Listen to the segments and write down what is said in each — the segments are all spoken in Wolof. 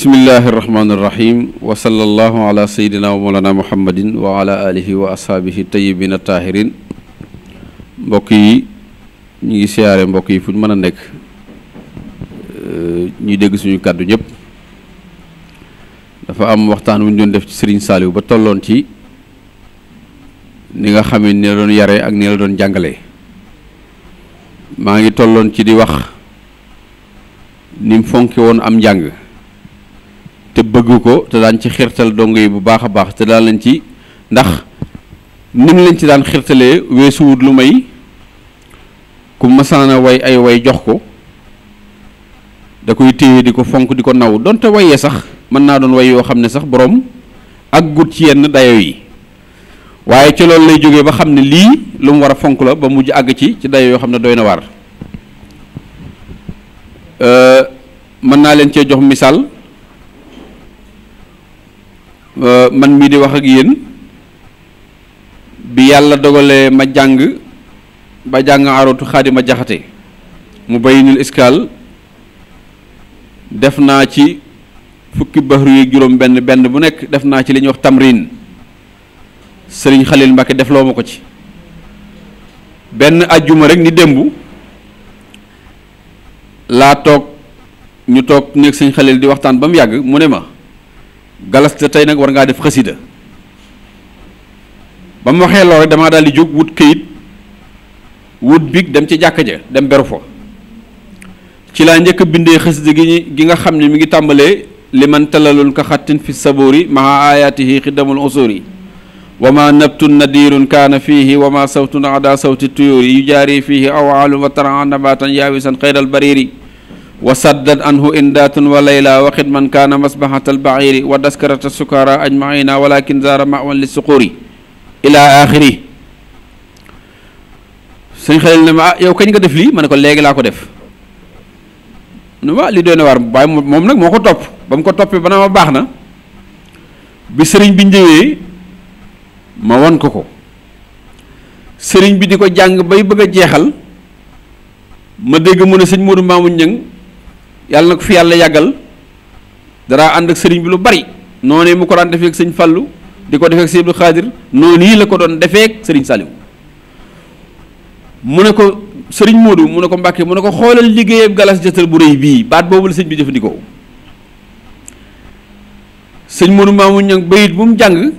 bismillahi irrahmaani irrahim wa sallallahu ala sayidina wa molana muhammadin wa ala alihi wa ashaabihi tayibina taahirin mbokk yi ñu ngi siyaare mbokk yi fu ñu mën a nekk ñu dégg suñu kàddu ñëpp dafa am waxtaan wu ñu doon def ci Sëriñ Saaliw ba tolloon ci ni nga xamee ni la doon yare ak ni la doon jàngale maa ngi tolloon ci di wax ni mu fonke woon am njàng te bëgg ko te daan ci xirtal dong yi bu baax a baax te daan leen ci ndax nim leen ci daan xirtalee weesuwut lu may ku masaana way ay way jox ko da koy téye di ko fonk di ko naw doonte wayee sax mën naa doon way yoo xam ne sax boroom ak gut ci yenn dayo yi waaye ci loolu lay jóge ba xam ne lii lu mu war a fonk la ba mujj àgg ci ci dayo yoo xam ne doy na waar euh, mën naa leen cee jox misaal Euh, man mii di wax ak yéen bi yàlla dogalee ma jàng ba jàng arotu xaadima jaxate mu bayyinul iskaal def naa ci fukki bahru yi juróom benn benn bu nekk def naa ci li ñuy wax tamrin sëriñ xalil Mbàkke def loo ma ko ci benn ajjuma rekk ni démb laa toog ñu toog néeg sëñ xalil di waxtaan ba mu yàgg mu ne ma galas tey nag war ngaa def xasida ba mu waxee loolu rek damaa daal di jóg wut kayit wut biig dem ci jàkk ja dem beru fa ci laa njëkk bindee xasida gi gi nga xam ne mi ngi tàmbalee li man talalun ka xattin fi sabori maha ayaatihi xidamul usuri wa ma nabtun nadirun kaana fiihi wa ma sawtun ada sawti tuyuri yu jaari fiihi aw aalum wa taraa nabatan yaawisan xayral bariri wa saddat anhu indaatun wa layla wa xidman kaana masbaxata albaxiiri wa daskarata sukara ajmaina walakin zaara mawan li suquri ila axiri sëñ Xalil ne ma ah yow kañ nga def lii ma ne ko léegi laa ko def ne ma ah, li doy na waar waaye moom nag moo ko topp ba mu ko toppee ba naa baax na bi sëriñ bi ñëwee ma won ko ko sëriñ bi di ko jàng bay bëgg a jeexal ma dégg mu ne sëñ Modou Mamoun Niang yàlla na ko fi yàlla yàggal daraa ànd ak sëriñ bi lu bari noonu mu ko daan defee ak sëñ Fallou di ko defee ak sëñ Abdou Khadir noonu yi la ko doon defee ak sëriñ Saliou mu ne ko sëriñ Modou mu ne ko Mbàkke mu ne ko xoolal liggéeyam galas jëtal bu rëy bii baat boobu la sëñ bi jëfandikoo sëñ Modou Mamoun Niang bayit bu mu jàng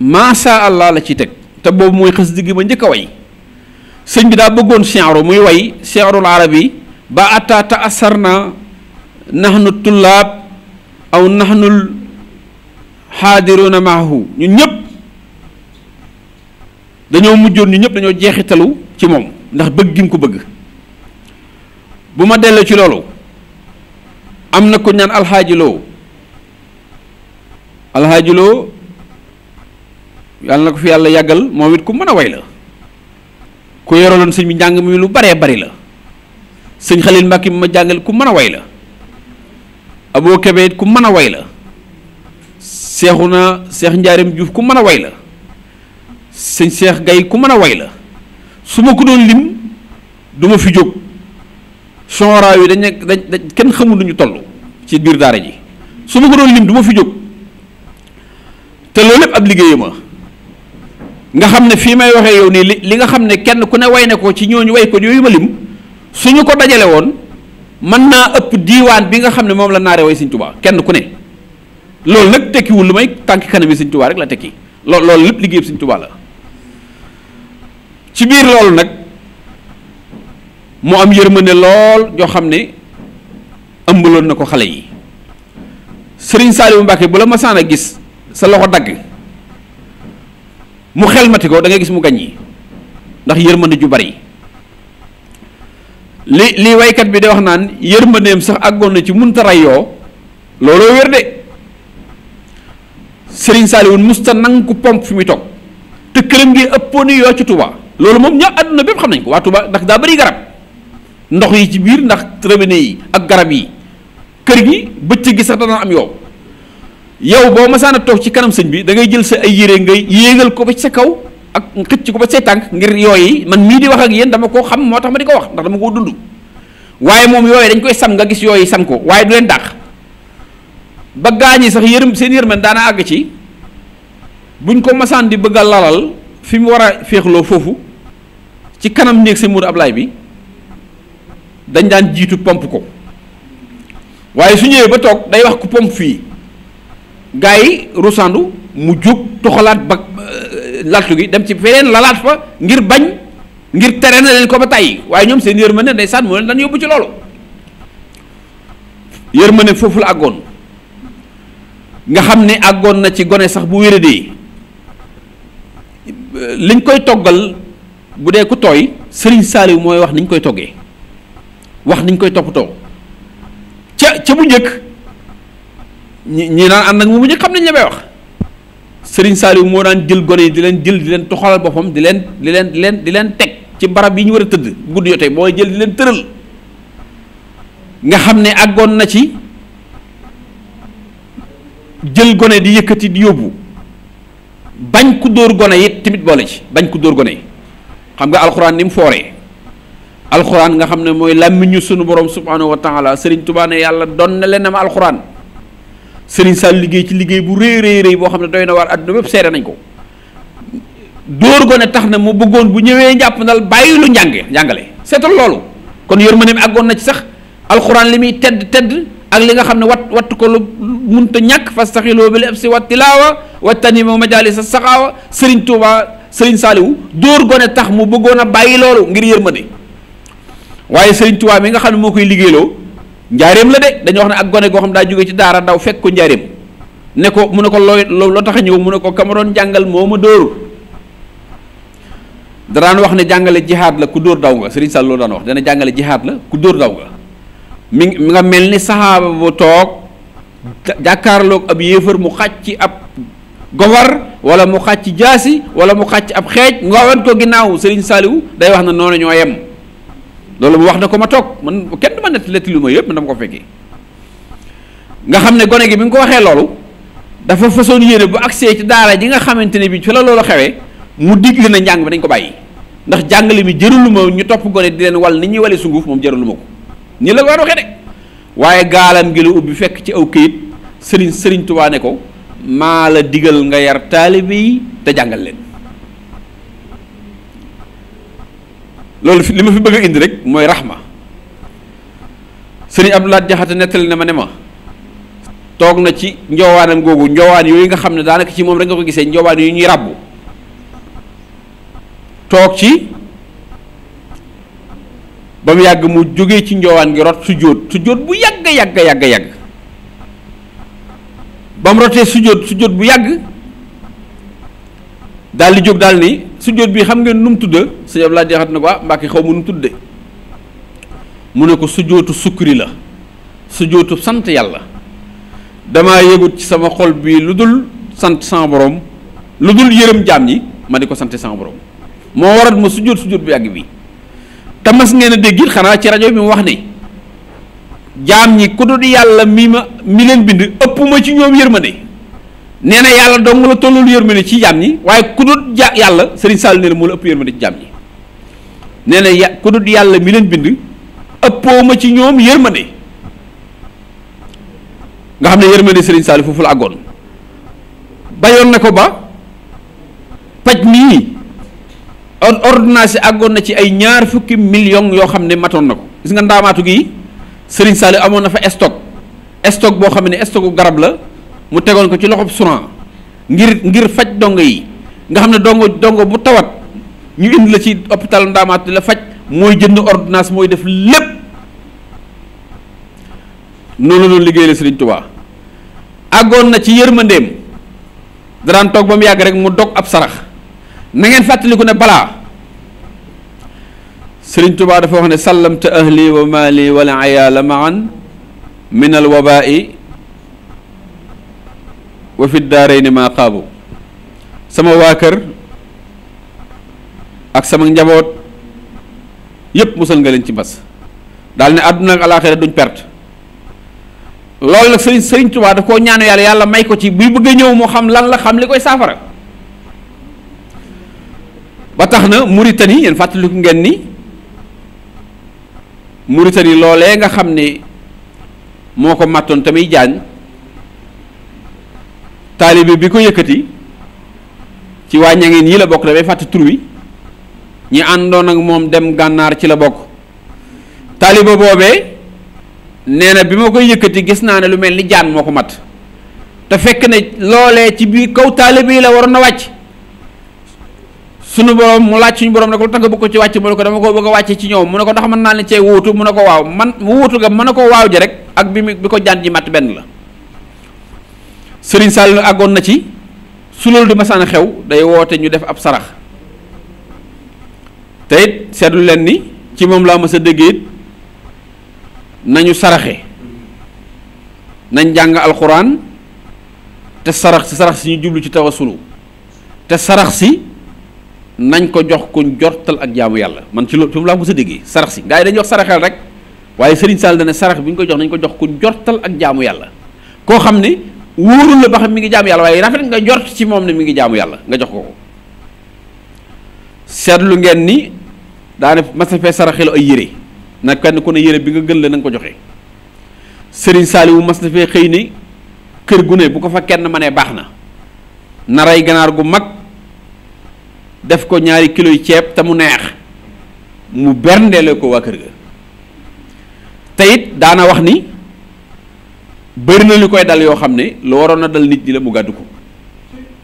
macha allah la ciy teg te boobu mooy xës digg ma njëkk a way sëñ bi daa bëggoon chenro muy way chenrul arab yi ba ataa taasar na nahnu tullaab aw nahnul xaadiruna maahu ñun ñëpp dañoo mujjoon ñu ñëpp dañoo jeexitalu ci moom ndax bëgg gi mu ko bëgg bu ma dellu ci loolu am na ko ñaan alxaaji loo alxaaji yàlla na ko fi yàlla yàggal moom wit ku mën a way la ku yoroloon sëñ bi njàng mi lu baree bari la sëñ Xalil Mbàkke bi ma jàngale ku mën a way la Aboo Kebe it ku mën a way la Seexuna Seex Njaarim Juuf ku mën a way la sëñ Seex Gay ku mën a way la su ma ko doon lim duma fi jóg sonora yi dañ dañ kenn xamul lu ñu toll ci biir daara ji su ma ko doon lim du ma fi jóg te loolu lépp ab liggéeyama nga xam ne fii may waxee yow nii li li nga xam ne kenn ku ne way ne ko ci ñooñu way ko yooyu ma lim suñu ko dajale woon mën naa ëpp diiwaan bi nga xam ne moom la naare way sëñ tubaa kenn ku ne loolu nag tekkiwul lu may tànk kanam yi sëñ tubaa la tekki loolu loolu lépp liggéeyam sëñ tubaa ci biir loolu nag mu am yërmande lool joo xam ne ëmbaloon na ko xale yi sëriñ Saliou Mbacke bu la masaan a gis sa loxo dagg mu xelmati ko da gis mu gañ yi ndax yërmande ju bari li li waykat bi de wax naan yërmandeem sax àggoon na ci munta yoo looloo wér de Serigne Saliou musta nang ku pomp fi muy toog te këram gi ëppoon ni yoo ci Touba loolu moom ñoo àdduna bépp xam nañ ko waa Touba ndax daa bari garab ndox yi ci biir ndax robinet yi ak garab yi kër gi bëccëg gi sax dana am yow yow boo masaana toog ci kanam sëñ bi da ngay jël sa ay yére ngay yéegal ko ba ci sa kaw ak xëcc ko ba say tànk ngir yi man mii di wax ak yéen dama koo xam moo tax ma di ko wax ndax dama koo dund waaye moom yooyu dañ koy sam nga gis yooyu sam ko waaye du leen dàq ba gaañi sax yërëm seen yërmande daana àgg ci buñ ko masaan di bëgg a lalal fi mu war a féexloo foofu ci kanam néeg sa muur ablaay bi dañ daan jiitu pomp ko waaye su ñëwee ba toog day wax ku pomp fii gars yi rusandu mu jóg toxalaat ba laltu gi dem ci feneen lalaat fa ngir bañ ngir tere na leen ko ba tàyyi waaye ñoom seen yërmande ndeysaan moo leen daan yóbbu ci loolu yërmande foofu la agoon nga xam ne àggoon na ci gone sax bu wéradee liñ koy toggal bu dee ku tooy sëriñ Saaliw mooy wax niñ koy toggee wax niñ koy toppatoo ca ca bu njëkk ñi ñi naan ànd ak mu bu njëkk xam nañ la may wax Serigne Saliou moo daan jël gone yi di leen jël di leen toxalal boppam di leen di leen leen di leen teg ci barab yi ñu war a tëdd guddi jotee booy jël di leen tëral nga xam ne àggoon na ci jël gone di yëkkatiit di yóbbu bañ ku dóor gone it tamit boole ci bañ ku dóor gone xam nga alxuraan ni mu fooree alxuraan nga xam ne mooy làmmiñu sunu borom subhaanahu wa taala Serigne Touba ne yàlla doon na leen am alxuraan. Serigne Sall liggéey ci liggéey bu rëy rëy rëy boo xam ne doy na waar àdduna bépp seere nañ ko dóor gone tax na mu bëggoon bu ñëwee njàpp ndal bàyyi lu njànge njàngale seetal loolu kon yërmandeem àggoon na ci sax alxuraan li muy tedd tedd ak li nga xam ne wat wattu ko lu munta ñàkk fastaxiloo bi ab si wat tilaawa wattanimu majalisa saxaawa Serigne Touba Serigne Saliou dóor gone tax mu bëggoon a bàyyi loolu ngir yërmande waaye Serigne Touba mi nga xam ne moo koy liggéeyloo njaareem la de dañu wax ne ak gone goo xam daa jóge ci daara daw fekk ko njaareem ne ko mu ne ko looy loo tax a ñëw mu ne ko kama doon jàngal moo ma dóoru danaan wax ne jàngale jihaad ku dóor daw nga Serigne Sall loolu daan wax dana jàngale jihaad la ku dóor daw nga mi nga mel ni saxaaba bu toog jàkkaarloog ab yéefar mu xàcc ci ab gofar wala mu xàcc jaasi wala mu xàcc ab xeej nga wan ginnaaw Serigne Saliou day wax na noonu ñoo yem loolu mu wax na ko ma toog mën kenn du ma nett letti lu ma yëpp man dama ko fekkee nga xam ne gone gi bi nga ko waxee loolu dafa façon yéene bu accès ci daara ji nga xamante ne bii ci la loolu xewee mu digle na njàng mi dañ ko bàyyi ndax jàngale mi ma ñu topp gone di leen wal ni ñuy wale sunguf moom ma ko nii la ko war waxee de waaye gaalam gi la ubbi fekk ci aw këyit sëriñ sëriñ Tuubaa ko maa la digal nga yar taalibe yi te jàngal leen loolu fi li ma fi bëgg indi rek mooy rax raxma sëriñ Abdoulaye Jaxate nettali na ma ne ma toog na ci njoowaanam googu njoowaan yooyu nga xam ne daanaka ci moom rek nga ko gisee njoowaan yu ñuy ràbbu toog ci ba mu yàgg mu jóge ci njoowaan gi rot sujjóot sujjóot bu yàgg yàgg yàgg yàgg ba mu rotee sujjóot sujjóot bu yàgg daal di jóg daal ni sujjóot bi xam ngeen nu mu tudd sëñ Abdoulaye jeexat na ko ah Mbàkke xaw mu nu mu tudde mu ne ko sujjóotu sukkuri la sujjóotu sant yàlla dama yëgut ci sama xol bi lu dul sant sama borom lu dul yërëm jaam yi ma di ko sant sama borom moo waral ma sujjóot sujjóot bi àgg bi te ngeen a dégg it xanaa ci rajo bi mu wax ne jaam yi ku dul yàlla mi ma mi leen bind ëpp ma ci ñoom ma yërmande nee na yàlla dong la tollul ci jaam ñi waaye ku dut yàlla sëriñ Sall nee na moo la ëpp yërmande ci jaam ñi nee na ya yàlla mi leen bind ëppoo ma ci ñoom yërmande nga xam ne yërmande sëriñ Sall foofu la agoon bayoon na ko ba paj mii ordonnance àggoon na ci ay ñaar fukki millions yoo xam ne matoon na ko gis nga ndaamaatu gi sëriñ Sall amoon na fa stock stock boo xam ne stock garab la. mu tegoon ko ci loxob Souran ngir ngir faj dongo yi nga xam ne dongo dongo bu tawat ñu indi la ci hôpital Ndaamaatu la faj mooy jënd ordonnance mooy def lépp noonu la doon liggéeyal Sëriñ Tuubaa àggoon na ci yërmandeem daraan toog ba mu yàgg rek mu dog ab sarax na ngeen fàttaliku ne balaa Sëriñ Tuubaa dafa wax ne sallamta ahli wa mali wala ayaala maan min al wabai wa fi daarayni maa xaabu sama waa kër ak sama njaboot yépp musal nga leen ci mbas daal ne àdduna ak alaaxira duñ perte loolu nag sëriñ sëriñ Tuubaa da koo ñaanu yàlla yàlla may ko ci buy bëgg a ñëw moo xam lan la xam li koy saafara ba tax na Mauritanie yéen fàttaliku ngeen ni Mauritanie loolee nga xam ne moo ko màttoon tamit jaañ taalibe bi ko yëkkati ci waa ñangeen yi la bokk damay fàtte tur wi ñi àndoon ak moom dem gànnaar ci la bokk taalibe boobee nee na bi ma koy yëkkati gis naa ne lu mel ni jaan moo ko matt te fekk ne loolee ci biir kaw taalibe yi la waroon na wàcc sunu borom mu laaj suñu borom ne ko lu tax nga ko ci wàcc mu ne ko dama ko bëgg a wàcce ci ñoom mu ne ko ndax mën naa leen cee wuutu mu ne ko waaw man mu wuutu nga mën na ko waaw ji rek ak bi mi bi ko jaan ji mat benn la sëriñ Saliou àggoon na ci su di masaan xew day woote ñu def ab sarax te it leen ni ci moom laa mës a nañu saraxe nañ jàng alxuraan te sarax si sarax si ñu jublu ci tawasulu te sarax si nañ ko jox kuñ jortal ak jaamu yàlla man ci loolu moom laa mës a déggee sarax si gaa yi dañuy wax saraxeel rek waaye sëriñ Sall ne sarax bi ñu ko jox nañ ko jox kuñ jortal ak jaamu yàlla koo xam ne wóorul la ba xam mi ngi jaamu yàlla waaye rafet nga jot ci moom ne mu ngi jaamu yàlla nga jox ko ko seetlu ngeen ni daane mas na fee saraxelu ay yére na kenn ku ne yére bi nga gën la na ko joxe Serigne Saliou mas na fee xëy ni kër gu ne bu ko fa kenn ma ne baax na na rey ganaar gu mag def ko ñaari kilo yu ceeb te mu neex mu berndeele ko waa kër ga te daana wax ni bëri na lu koy dal yoo xam ne lu waroon na dal nit di la mu gàddu ko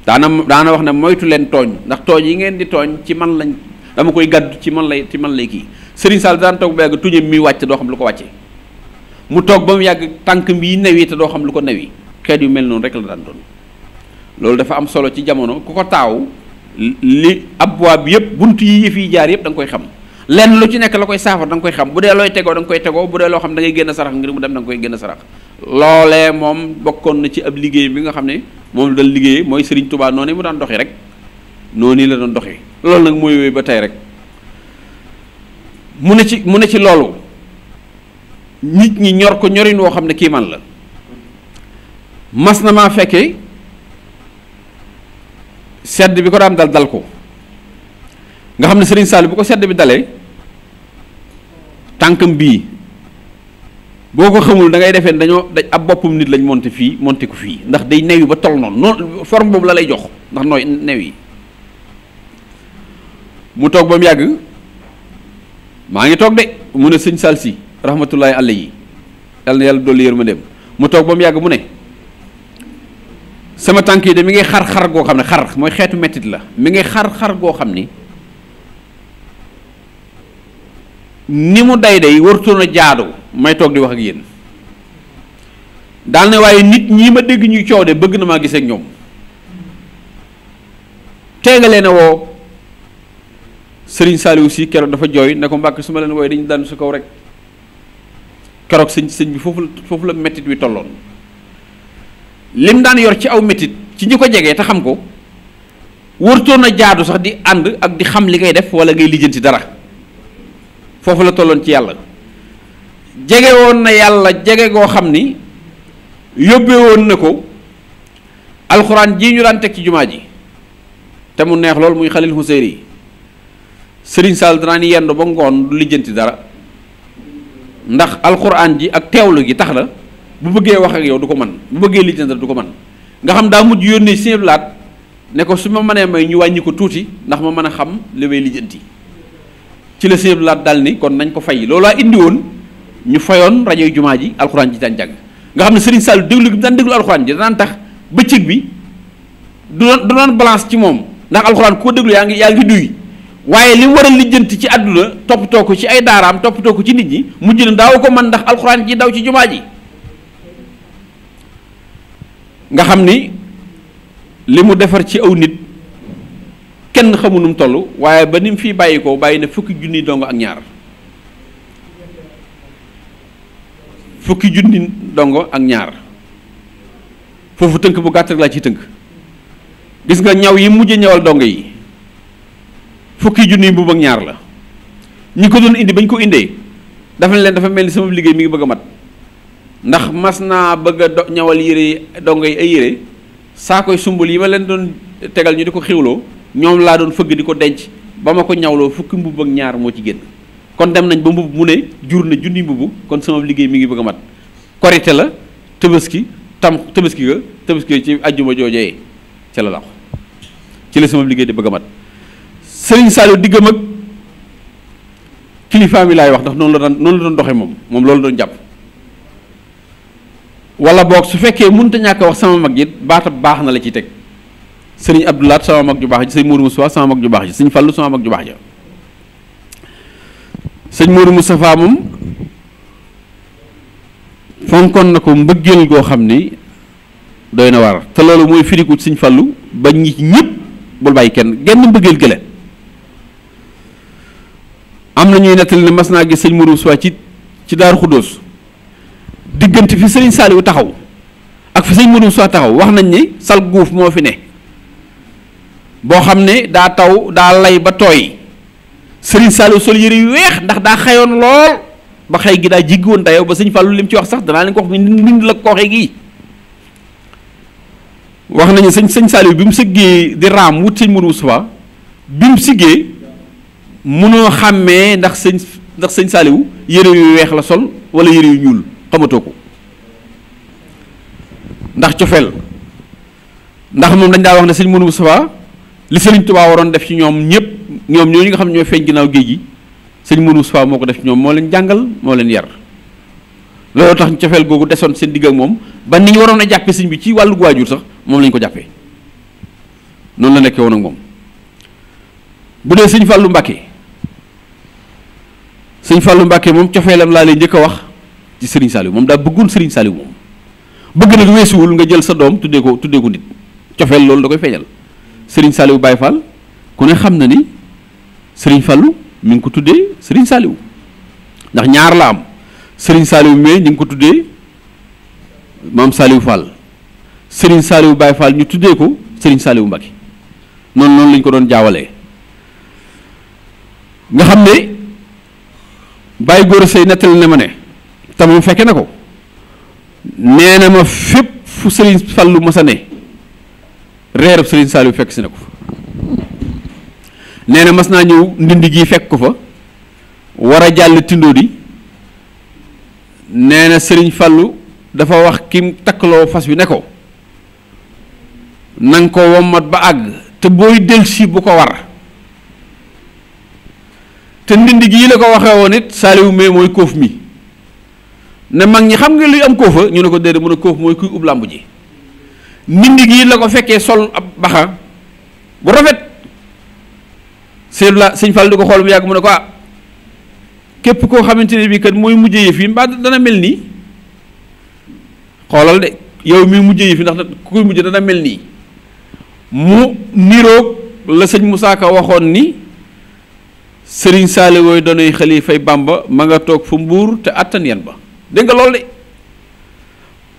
daana daana wax ne moytu leen tooñ ndax tooñ yi ngeen di tooñ ci man lañ dama koy gàddu ci man lay ci man lay kii Serigne Sall daan toog ba yàgg tuñam mi wàcc doo xam lu ko wàccee mu toog ba mu yàgg tànk mii newi te doo xam lu ko newi xeet yu mel noonu rek la daan doon loolu dafa am solo ci jamono ku ko taaw li ab waab yëpp bunt yi yëf yi jaar yëpp da nga koy xam lenn lu ci nekk la koy saafar danga koy xam bu dee looy tegoo da nga koy tegoo bu dee loo xam da ngay génn sarax ngir mu dem da koy génn sarax loolee moom bokkoon na ci ab liggéey bi nga xam ne moom dal liggéey mooy Serigne Touba noonu mu daan doxi rek noonu la doon doxi loolu nag mooy wéy ba tey mu ne ci mu ne ci loolu nit ñi ñor ko ñorin woo xam ne kii man la mas na maa fekkee sedd bi ko daan dal dal ko nga xam ne sëriñ Sall bu ko sedd bi dalee tànkam bii boo ko xamul da ngay defee dañoo dañ ab boppam nit lañ monte fii monte ko fii ndax day new yi ba toll noonu noonu form boobu la lay jox ndax nooy new yi mu toog ba mu yàgg maa ngi toog de mu ne sëñ Salsi rahmatullahi alayhi yal na yàlla dolli yërmandeem mu toog ba mu yàgg mu ne sama tànk yi de mi ngi xar xar goo xam ne xar mooy xeetu mettit la mi ngi xar xar goo xam ni ni mu day day warutoon a jaadu may toog di wax ak yéen daal ne waaye nit ñi ma dégg ñuy coow de bëgg na maa giseek ak ñoom tee nga leen a woo sëriñ Saliou si keroog dafa jooy ne ko mbàkk su ma leen wooyee dañu daan su kaw rek keroog sëñ sëñ bi foofu la foofu la méttit wi tolloon lim daan yor ci aw méttit ci ñi ko jegee te xam ko warutoon a jaadu sax di ànd ak di xam li ngay def wala ngay lijjanti dara foofu la tolloon ci yàlla jege woon na yàlla jege goo xam ni yóbbe woon na ko alxuraan ji ñu daan teg ci jumaa ji te mu neex loolu muy xalil Huseyri yi sëriñ Sall danaa ni yendu ba ngoon du lijjanti dara ndax alxuraan ji ak teewlu gi tax la bu bëggee wax ak yow du ko man bu bëggee lijjanti dara du ko man nga xam daa mujj yónnee siñeblaat ne ko su ma mënee may ñu wàññi ko tuuti ndax ma mën a xam li lijjanti ci la sëñ laat daal ni kon nañ ko fay loolaa indi woon ñu fayoon rajo yu jumaa ji alxuraan ji daan jàng nga xam ne Serigne Sall déglu bi daan déglu alxuraan ji daan tax bëccëg bi du doon du ci moom ndax alxuraan koo déglu yaa ngi yaa ngi duy waaye li mu war a lijjanti ci àdduna toppatoo ko ci ay daaraam toppatoo ko ci nit ñi mujj na daaw ko man ndax alxuraan ji daw ci jumaa ji nga xam ni li mu defar ci aw nit. kenn xamu nu toll waaye ba ni mu fii bàyyi ko bàyyi na fukki junni dongo ak ñaar fukki junni dongo ak ñaar foofu tënk bu gàtt rek laa ciy tënk gis nga ñaw yi mujj ñawal dongo yi fukki junni mbubb ak ñaar la ñu ko doon indi ba ñu ko indee dafa leen dafa mel ni sama liggéey mi ngi bëgg a mat ndax mas naa bëgg a ñawal yére dongo yi ay yére saa koy sumbul yi ma leen doon tegal ñu di ko xiwloo ñoom laa doon fëgg di ko denc ba ma ko ñawloo fukki mbubb ak ñaar moo ci génn kon dem nañ ba mbubb mu ne jur na junni mbubb kon sama liggéey mi ngi bëgg a mat korite la tabaski tam tabaski ga tabaski ci ajjuma joojee ca la làqu ci la sama liggéey di bëgg a mat Serigne Saliou diggam ak kilifaam yi laay wax ndax noonu la daan noonu doon doxee moom moom loolu doon jàpp wala boog su fekkee mënut a ñàkk wax sama mag yi baatab baax na la ciy teg. sëriñ Abdoulaat sama mag ju baax ji sëñ Mourou Moustapha sama mag ju baax ji sëñ Fallou sama mag ju baax ja sëñ Mourou Moustapha moom fonkoon na ko mbëggeel goo xam ni doy na war te loolu mooy firiku sëñ Fallou ba ñi ñëpp bul bàyyi kenn genn mbëggeel gële am na ñuy nettali ne mas naa gis sëñ Mourou Moustapha ci ci Daaru Xuddoos diggante fi sëriñ Saliou taxaw ak fi sëñ Mourou Moustapha taxaw wax nañ ni sal guuf moo fi ne boo xam ne daa taw daa lay ba tooy sëriñ Saliou sol yére yu weex ndax daa xayoon lool ba xëy gi daa jiggoon dayoo ba sëñ Fallou lim ci wax sax danaa leen ko wax mbind la ko waxee wax nañu sëñ sëñ Saliou bi mu sëggee di raam wut sëñ Modou Moustapha bi mu siggee munoo xàmmee ndax sëñ ndax sëñ Saliou yére yu weex la sol wala yére yu ñuul xamatoo ko ndax cofeel ndax moom dañ daa wax ne sëñ Modou Moustapha li Serigne Touba waroon def ci ñoom ñëpp ñoom ñooñu nga xam ñooy feeñ ginnaaw géej gi sëñ Mourou Moustapha moo ko def ci ñoom moo leen jàngal moo leen yar loolu tax cofeel googu desoon seen digg ak moom ba ni ñu waroon a jàppee sëñ bi ci wàllu waajur sax moom lañ ko jàppee noonu la nekkee woon moom bu dee sëñ Fallou Mbacke sëñ Fallou Mbacke moom cofeelam laa lay njëkk a wax ci Serigne Saliou moom daa bëggoon Serigne Saliou moom bëgg nag weesuwul nga jël sa doom tuddee ko tuddee ko nit cofeel loolu da koy feeñal. Serigne Saliou Baye Fall ku ne xam na ni sëriñ Fallou mu ngi ko tuddee Serigne Saliou ndax ñaar la am Serigne Saliou mais ñu ngi ko tuddee maam Saliou Fall Serigne Saliou Baye Fall ñu tuddee ko Serigne Saliou Mbacké noonu noonu lañ ko doon jaawalee nga xam ne Baye Gora Seye nettali na ma ne tamam fekke na ko nee na ma fépp fu lu Fallou masa ne reerab Serigne Saliou fekk si na ko fa na mas naa ñëw ndindi gi fekk ko fa war a jàll tindoo di nee na Serigne Fallou dafa wax kim takkaloo fas bi ne ko na nga ko wommat ba àgg te booy delsi bu ko war te ndindi gii la ko waxee woon it Saliou mais mooy kóof mi ne mag ñi xam nga luy am kóofa ñu ne ko déedéet mu a kóof mooy kuy ub làmb ji mbind gii la ko fekkee sol ab baxa bu rafet sëñ la sëñ Fall di ko xool bu yàgg mu ne ko ah képp koo xamante ne bii kat mooy mujjee yëf yi mbaa dana mel nii xoolal de yow mi mujj yëf yi ndax ku koy mujj dana mel nii mu niroog la sëñ Moussa Ka waxoon ni sëriñ Saali wooy doonay xalifay Bàmba ma nga toog fu mbuur te attan yan ba dégg nga loolu de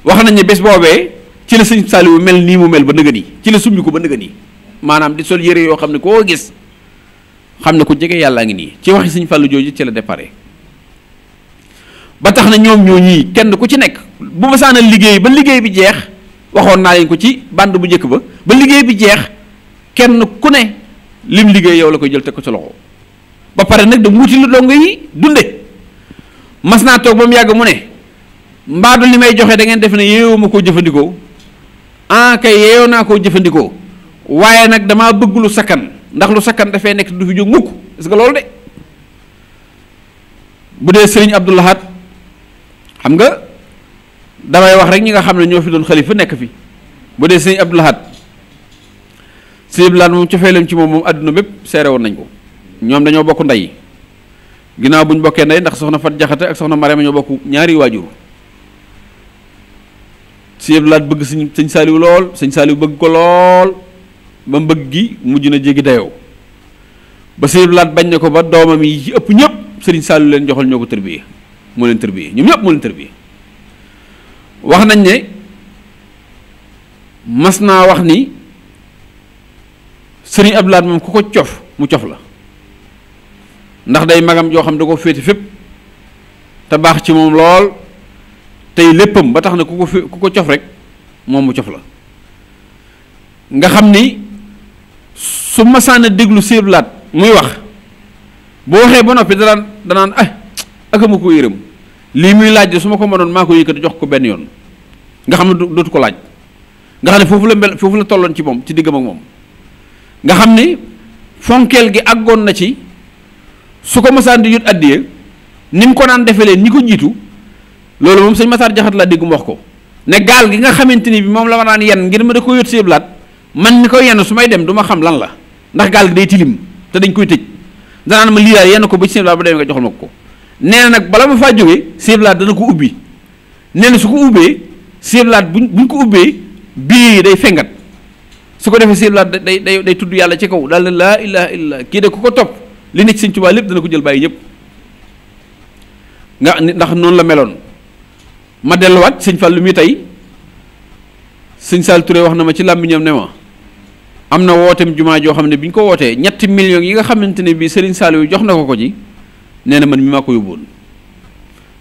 wax nañ ne bés boobee ci la sëñ Saliou mel nii mu mel ba nëgën yi ci la summi ko ba nëgën yi maanaam di sol yére yoo xam ne koo gis xam ne ko jege yàllaa ngi nii ci waxi sëñ Fallou jooju ci la dépare ba tax na ñoom ñoo ñii kenn ku ci nekk bu ma saana liggéey ba liggéey bi jeex waxoon naa leen ko ci bande bu njëkk ba ba liggéey bi jeex kenn ku ne lim liggéey yow la ko jël te ko sa loxo ba pare nag da wuti lu dong yi dunde mas naa toog ba mu yàgg mu ne mbaadu li may joxe da ngeen ne yeewu ma koo jëfandikoo ah kay yeeyoo naa koo jëfandikoo waaye nag damaa bëgg lu sakkan ndax lu sakkan dafay nekk du fi jóg mukk est-ce que loolu de bu dee sëriñ Abdou Lahad xam nga damay wax rek ñi nga xam ne ñoo fi doon xalifa nekk fi bu dee sëriñ Abdou Lahad sëriñ Abdou Lahad moom ci moom moom àdduna bépp seere woon nañ ko ñoom dañoo bokk ndey ginnaaw bu ñu bokkee ndey ndax soxna Fat Jaxate ak soxna Marème ñoo bokk ñaari waajur si yëpp laat bëgg sëñ sëñ saaliw lool sëñ saaliw bëgg ko lool ba mbëgg gi mujj na jéggi dayoo ba si yëpp laat bañ na ko ba doomam yi ci ëpp ñëpp sëriñ saaliw leen joxal ñoo ko tërbiyee moo leen tërbiyee ñoom ñëpp moo leen tërbiyee wax nañ ne mas naa wax ni sëriñ Abdou Lahad moom ku ko cof mu cof la ndax day magam joo xam da ko féete fépp te baax ci moom lool tey léppam ba tax na ku ko fi ku ko cof rek moom mu cof la nga xam ni su masaan a déglu laat muy wax boo waxee ba noppi danaan danaan ah ak ma ko yërëm lii muy laaj de su ma ko mënoon maa ko yëkkati jox ko benn yoon nga xam ne dootu ko laaj nga xam foofu la foofu la tolloon ci moom ci diggam ak moom nga xam ni fonkeel gi ak àggoon na ci su ko masaan di yut addiye ni mu ko daan defe leen ñi ko jiitu loolu moom sëñ Masaar Jaxate laa dégg mu wax ko ne gaal gi nga xamante ni bi moom la ma daan yenn ngir ma da ko yót seeblaat man ni ko yenn su may dem duma xam lan la ndax gaal gi day tilim te dañ koy tëj danaan ma lii daal yenn ko ba ci seeblaat ba nga joxal ma ko nee na bala ma faa jógee seeblaat dana ko ubbi nee na su ko ubbee seeblaat buñ buñ ko ubbee bii day fengat su ko defee seeblaat day day day tudd yàlla ci kaw daal ne laa ilaha illa kii de ku ko topp li nekk sëñ Tuubaa lépp dana ko jël bàyyi ñëpp nga ndax noonu la meloon ma delluwaat sëñ lu mi tey sëñ Sall Touré wax na ma ci làmmiñam ne ma am na wootem jumaa joo xam ne bi ñu ko wootee ñetti millions yi nga xamante ne bii Serigne Saliou jox na ko ko ci nee na man mi maa ko yóbbuwoon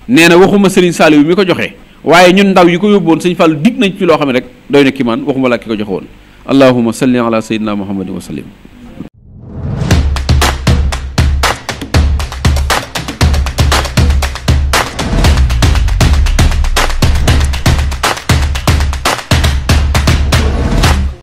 nee na waxuma Serigne Saliou mi ko joxe waaye ñun ndaw yi ko yóbbuwoon sëñ Fallou dig nañ ci loo xam ne rek doy na kimaan waxuma laa ki ko joxoon woon allahumma salli ala sayyidina muhammadin wa